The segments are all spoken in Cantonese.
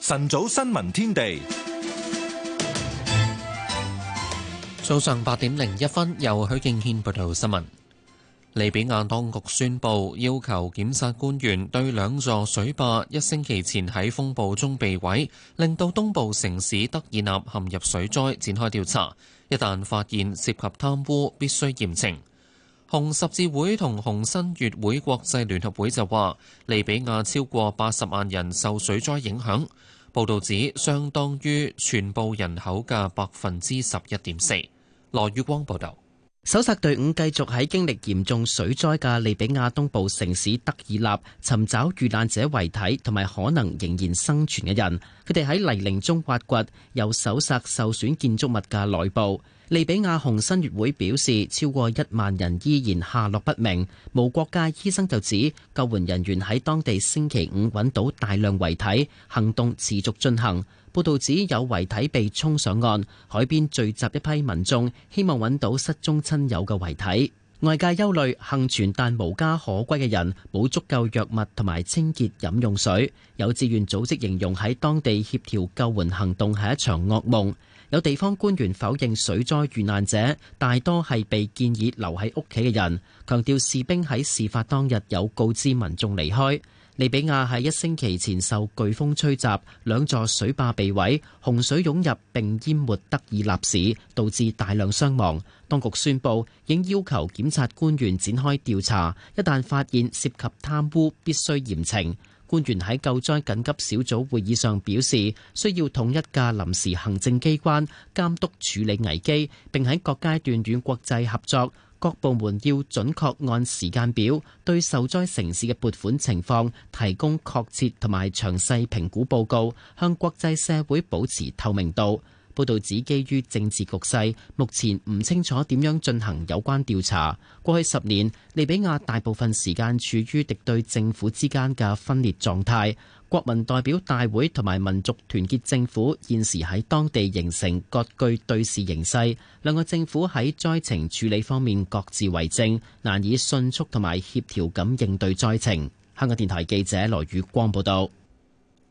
晨早新聞天地，早上八點零一分，由許敬軒報道新聞。利比亞當局宣布，要求檢察官員對兩座水壩一星期前喺風暴中被毀，令到東部城市德爾納陷入水災展開調查。一旦發現涉及貪污必須，必須嚴懲。紅十字會同紅新月會國際聯合會就話，利比亞超過八十萬人受水災影響，報道指相當於全部人口嘅百分之十一點四。羅宇光報道，搜索隊伍繼續喺經歷嚴重水災嘅利比亞東部城市德爾納尋找遇難者遺體同埋可能仍然生存嘅人，佢哋喺泥濘中挖掘，又搜索受損建築物嘅內部。利比亞紅新月會表示，超過一萬人依然下落不明。無國界醫生就指，救援人員喺當地星期五揾到大量遺體，行動持續進行。報道指有遺體被沖上岸，海邊聚集一批民眾，希望揾到失蹤親友嘅遺體。外界憂慮，幸存但無家可歸嘅人，冇足夠藥物同埋清潔飲用水。有志願組織形容，喺當地協調救援行動係一場噩夢。有地方官員否認水災遇難者大多係被建議留喺屋企嘅人，強調士兵喺事發當日有告知民眾離開。利比亞喺一星期前受颶風吹襲，兩座水壩被毀，洪水湧入並淹沒德爾納市，導致大量傷亡。當局宣佈已要求檢察官員展開調查，一旦發現涉及貪污，必須嚴懲。官員喺救災緊急小組會議上表示，需要統一嘅臨時行政機關監督處理危機，並喺各階段與國際合作。各部門要準確按時間表對受災城市嘅撥款情況提供確切同埋詳細評估報告，向國際社會保持透明度。報道指，基於政治局勢，目前唔清楚點樣進行有關調查。過去十年，利比亞大部分時間處於敵對政府之間嘅分裂狀態。國民代表大會同埋民族團結政府現時喺當地形成割據對峙形勢。兩個政府喺災情處理方面各自為政，難以迅速同埋協調咁應對災情。香港電台記者羅宇光報道。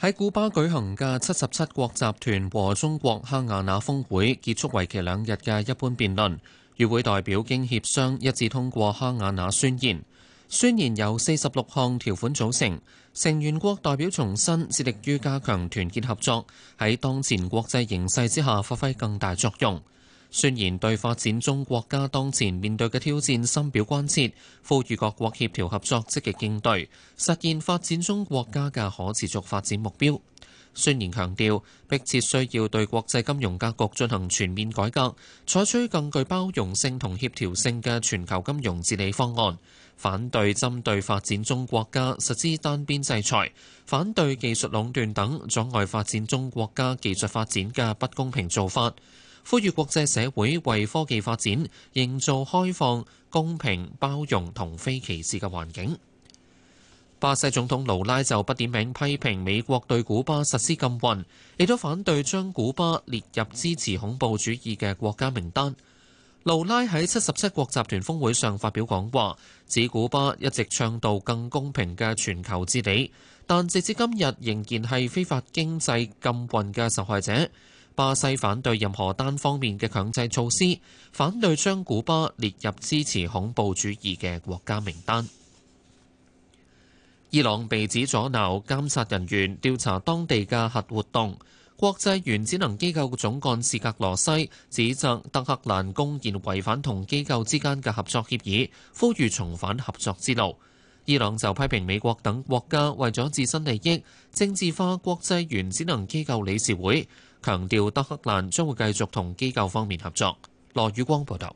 喺古巴舉行嘅七十七國集團和中國哈瓦那峰會結束為期兩日嘅一般辯論，與會代表經協商一致通過哈瓦那宣言。宣言由四十六項條款組成，成員國代表重申致力於加強團結合作，喺當前國際形勢之下發揮更大作用。宣言對發展中國家當前面對嘅挑戰深表關切，呼籲各國協調合作，積極應對，實現發展中國家嘅可持續發展目標。宣言強調，迫切需要對國際金融格局進行全面改革，採取更具包容性同協調性嘅全球金融治理方案，反對針對發展中國家實施單邊制裁，反對技術壟斷等阻礙發展中國家技術發展嘅不公平做法。呼籲國際社會為科技發展營造開放、公平、包容同非歧視嘅環境。巴西總統盧拉就不點名批評美國對古巴實施禁運，亦都反對將古巴列入支持恐怖主義嘅國家名單。盧拉喺七十七國集團峰會上發表講話，指古巴一直倡導更公平嘅全球治理，但直至今日仍然係非法經濟禁運嘅受害者。巴西反對任何單方面嘅強制措施，反對將古巴列入支持恐怖主義嘅國家名單。伊朗被指阻撓監察人員調查當地嘅核活動，國際原子能機構總幹事格羅西指責德黑蘭公然違反同機構之間嘅合作協議，呼籲重返合作之路。伊朗就批評美國等國家為咗自身利益政治化國際原子能機構理事會，強調德黑蘭將會繼續同機構方面合作。羅宇光報道，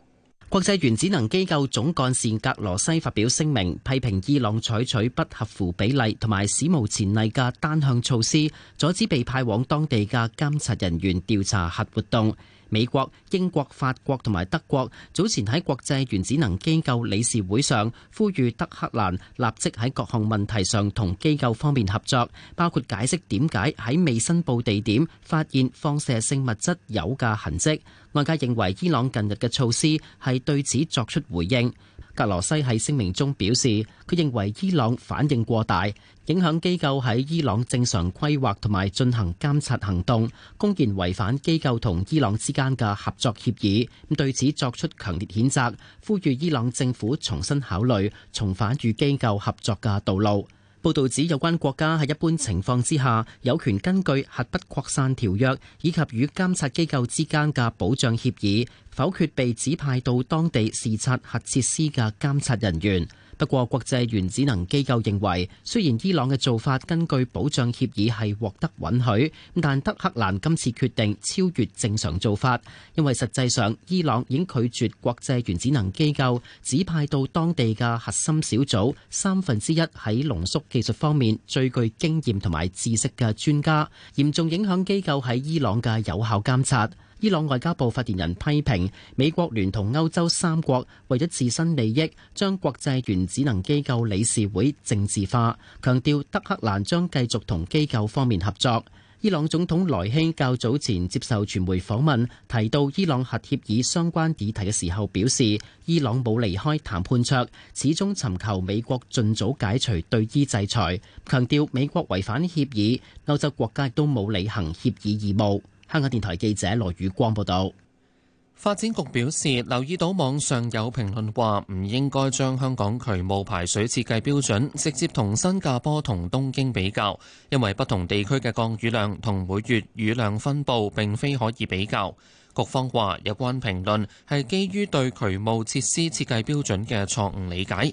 國際原子能機構總幹事格羅西發表聲明，批評伊朗採取不合乎比例同埋史無前例嘅單向措施，阻止被派往當地嘅監察人員調查核活動。美國、英國、法國同埋德國早前喺國際原子能機構理事會上呼籲德克蘭立即喺各項問題上同機構方面合作，包括解釋點解喺未申報地點發現放射性物質有嘅痕跡。外界認為伊朗近日嘅措施係對此作出回應。格羅西喺聲明中表示，佢認為伊朗反應過大，影響機構喺伊朗正常規劃同埋進行監察行動，公然違反機構同伊朗之間嘅合作協議。咁對此作出強烈譴責，呼籲伊朗政府重新考慮重返與機構合作嘅道路。報道指有關國家喺一般情況之下，有權根據核不擴散條約以及與監察機構之間嘅保障協議，否決被指派到當地視察核設施嘅監察人員。不過，國際原子能機構認為，雖然伊朗嘅做法根據保障協議係獲得允許，但德黑蘭今次決定超越正常做法，因為實際上伊朗已經拒絕國際原子能機構指派到當地嘅核心小組三分之一喺濃縮技術方面最具經驗同埋知識嘅專家，嚴重影響機構喺伊朗嘅有效監察。伊朗外交部發言人批評美國聯同歐洲三國為咗自身利益，將國際原子能機構理事會政治化，強調德黑蘭將繼續同機構方面合作。伊朗總統萊希較早前接受傳媒訪問，提到伊朗核協議相關議題嘅時候，表示伊朗冇離開談判桌，始終尋求美國盡早解除對伊制裁，強調美國違反協議，歐洲國家亦都冇履行協議義務。香港電台記者羅宇光報道，發展局表示留意到，網上有評論話唔應該將香港渠務排水設計標準直接同新加坡同東京比較，因為不同地區嘅降雨量同每月雨量分布並非可以比較。局方話有關評論係基於對渠務設施設計標準嘅錯誤理解。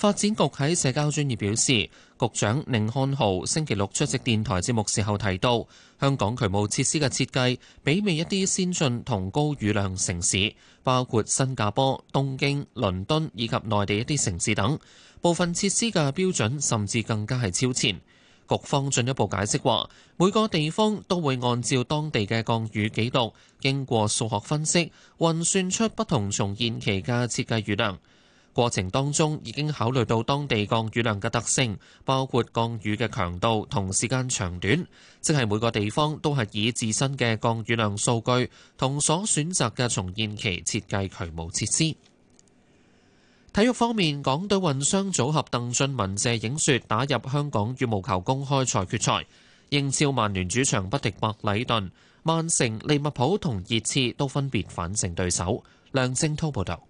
發展局喺社交專頁表示，局長寧漢豪星期六出席電台節目時候提到，香港渠務設施嘅設計比美一啲先進同高雨量城市，包括新加坡、東京、倫敦以及內地一啲城市等。部分設施嘅標準甚至更加係超前。局方進一步解釋話，每個地方都會按照當地嘅降雨記錄，經過數學分析，運算出不同重現期嘅設計雨量。過程當中已經考慮到當地降雨量嘅特性，包括降雨嘅強度同時間長短，即係每個地方都係以自身嘅降雨量數據同所選擇嘅重現期設計渠務設施。體育方面，港隊混雙組合鄧俊文謝影雪打入香港羽毛球公開賽決賽，英超曼聯主場不敵白禮頓，曼城、利物浦同熱刺都分別反勝對手。梁晶滔報導。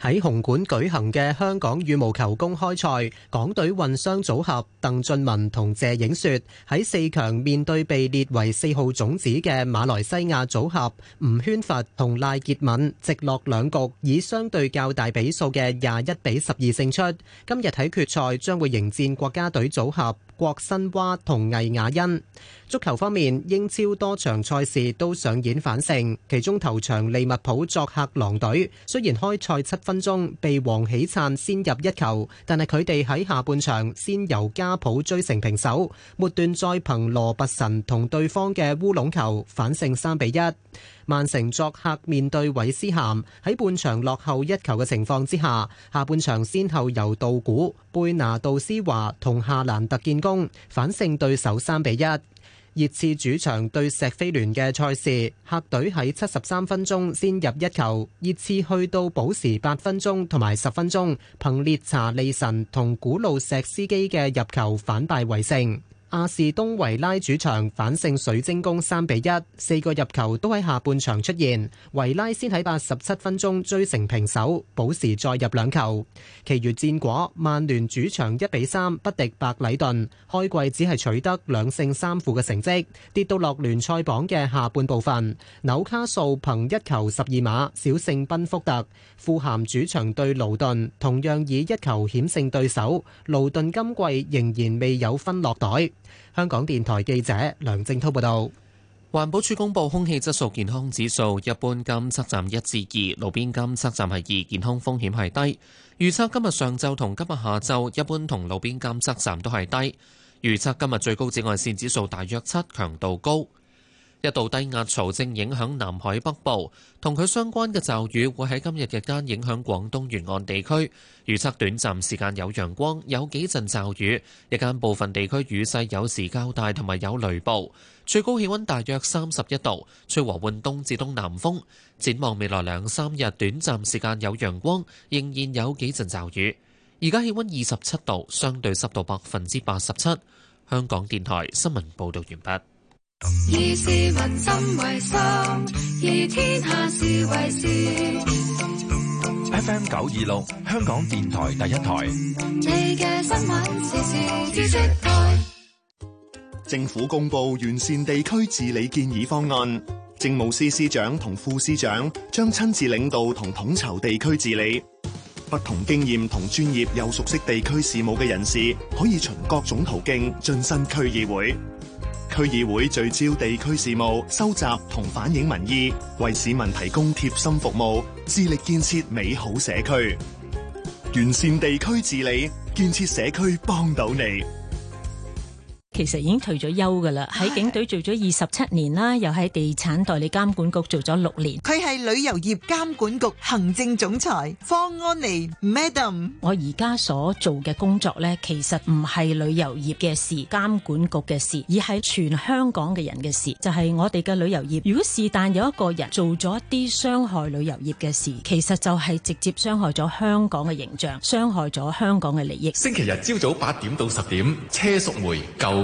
喺紅館舉行嘅香港羽毛球公開賽，港隊混雙組合鄧俊文同謝影雪喺四強面對被列為四號種子嘅馬來西亞組合吳軒佛同賴潔敏，直落兩局以相對較大比數嘅廿一比十二勝出。今日喺決賽將會迎戰國家隊組合。郭新蛙同魏雅欣。足球方面，英超多場賽事都上演反勝，其中頭場利物浦作客狼隊，雖然開賽七分鐘被黃喜燦先入一球，但係佢哋喺下半場先由家普追成平手，末段再憑羅拔臣同對方嘅烏龍球反勝三比一。曼城作客面對韋斯咸，喺半場落後一球嘅情況之下，下半場先後由道古、貝拿杜斯華同夏蘭特建功，反勝對手三比一。熱刺主場對石飛聯嘅賽事，客隊喺七十三分鐘先入一球，熱刺去到補時八分鐘同埋十分鐘，憑列查利神同古路石斯基嘅入球反敗為勝。阿士東維拉主場反勝水晶宮三比一，四個入球都喺下半場出現。維拉先喺八十七分鐘追成平手，補時再入兩球。其餘戰果，曼聯主場一比三不敵白禮頓，開季只係取得兩勝三負嘅成績，跌到落聯賽榜嘅下半部分。紐卡素憑一球十二碼小勝賓福特，富咸主場對勞頓同樣以一球險勝對手。勞頓今季仍然未有分落袋。香港電台記者梁正濤報道，環保署公布空氣質素健康指數，一般監測站一至二，路邊監測站係二，健康風險係低。預測今日上晝同今日下晝，一般同路邊監測站都係低。預測今日最高紫外線指數大約七，強度高。一道低壓槽正影響南海北部，同佢相關嘅驟雨會喺今日日間影響廣東沿岸地區。預測短暫時間有陽光，有幾陣驟雨，日間部分地區雨勢有時較大，同埋有雷暴。最高氣温大約三十一度，吹和緩東至東南風。展望未來兩三日，短暫時間有陽光，仍然有幾陣驟雨。而家氣温二十七度，相對濕度百分之八十七。香港電台新聞報道完畢。以市民心為心，以天下事為事。 FM 九二六，香港電台第一台。 你嘅新聞時事知識台。 政府公布完善地區治理建議方案，政務司司長同副司長將親自領導同統籌地區治理。不同經驗同專業又熟悉地區事務嘅人士，可以循各種途徑晉身區議會。區議會聚焦地區事務，收集同反映民意，為市民提供貼心服務，致力建設美好社區，完善地區治理，建設社區幫到你。其實已經退咗休噶啦，喺警隊做咗二十七年啦，又喺地產代理監管局做咗六年。佢係旅遊業監管局行政總裁方安妮 Madam。我而家所做嘅工作呢，其實唔係旅遊業嘅事，監管局嘅事，而係全香港嘅人嘅事。就係我哋嘅旅遊業，如果是但有一個人做咗一啲傷害旅遊業嘅事，其實就係直接傷害咗香港嘅形象，傷害咗香港嘅利益。星期日朝早八點到十點，車淑梅舊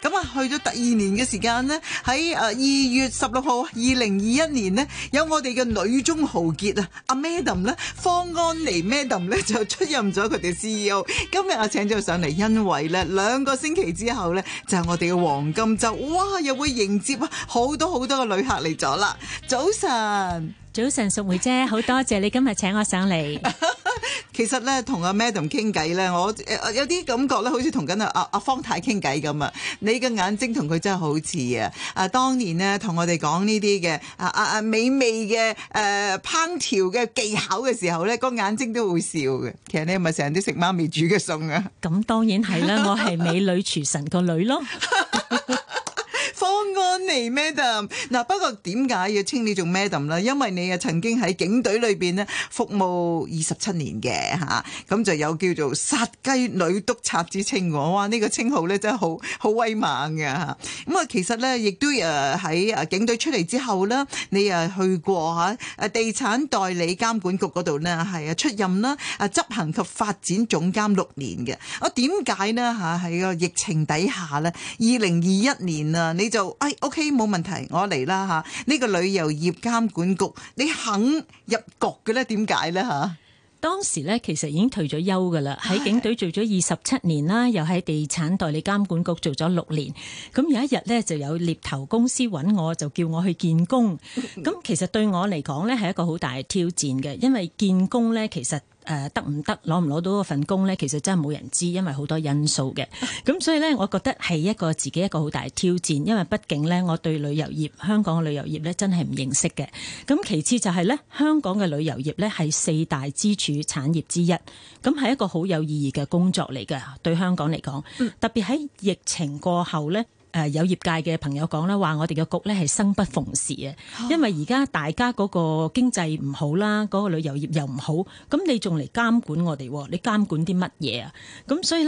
咁啊，去到第二年嘅時間咧，喺誒二月十六號，二零二一年咧，有我哋嘅女中豪傑啊，阿 Madam 咧，方安妮 Madam 咧就出任咗佢哋 CEO。今日啊請咗上嚟，因為咧兩個星期之後咧就係我哋嘅黃金周哇！又會迎接好多好多嘅旅客嚟咗啦。早晨，早晨，淑梅姐，好多謝你今日請我上嚟。 其實咧，同阿 Madam 傾偈咧，我有啲感覺咧，好似同緊阿阿阿方太傾偈咁啊！你嘅眼睛同佢真係好似啊！啊，當年咧，同我哋講呢啲嘅啊啊啊美味嘅誒烹調嘅技巧嘅時候咧，個眼睛都會笑嘅。其實你係咪成日都食媽咪煮嘅餸啊？咁當然係啦，我係美女廚神個女咯。 方安妮 madam 嗱、啊，不過點解要稱你做 madam 咧？因為你啊曾經喺警隊裏邊咧服務二十七年嘅吓，咁、啊、就有叫做殺雞女督察之稱喎哇！這個、呢個稱號咧真係好好威猛嘅吓，咁啊，其實咧亦都誒喺啊警隊出嚟之後咧，你啊去過吓誒地產代理監管局度咧係啊出任啦啊執行及發展總監六年嘅。啊點解咧吓喺個疫情底下咧？二零二一年啊，你就哎，OK，冇問題，我嚟啦吓。呢個旅遊業監管局，你肯入局嘅咧？點解咧吓？當時咧，其實已經退咗休噶啦，喺警隊做咗二十七年啦，又喺地產代理監管局做咗六年。咁有一日咧，就有獵頭公司揾我，就叫我去見工。咁其實對我嚟講咧，係一個好大嘅挑戰嘅，因為見工咧，其實。誒，得唔得，攞唔攞到嗰份工呢？其實真係冇人知，因為好多因素嘅。咁 所以呢，我覺得係一個自己一個好大嘅挑戰，因為畢竟呢，我對旅遊業香港嘅旅遊業呢真係唔認識嘅。咁其次就係、是、呢，香港嘅旅遊業呢係四大支柱產業之一，咁係一個好有意義嘅工作嚟嘅。對香港嚟講，嗯、特別喺疫情過後呢。誒，有業界嘅朋友講啦，話我哋嘅局咧係生不逢時啊，因為而家大家個經濟唔好啦，嗰個旅遊業又唔好，咁你仲嚟監管我哋？你監管啲乜嘢啊？咁所以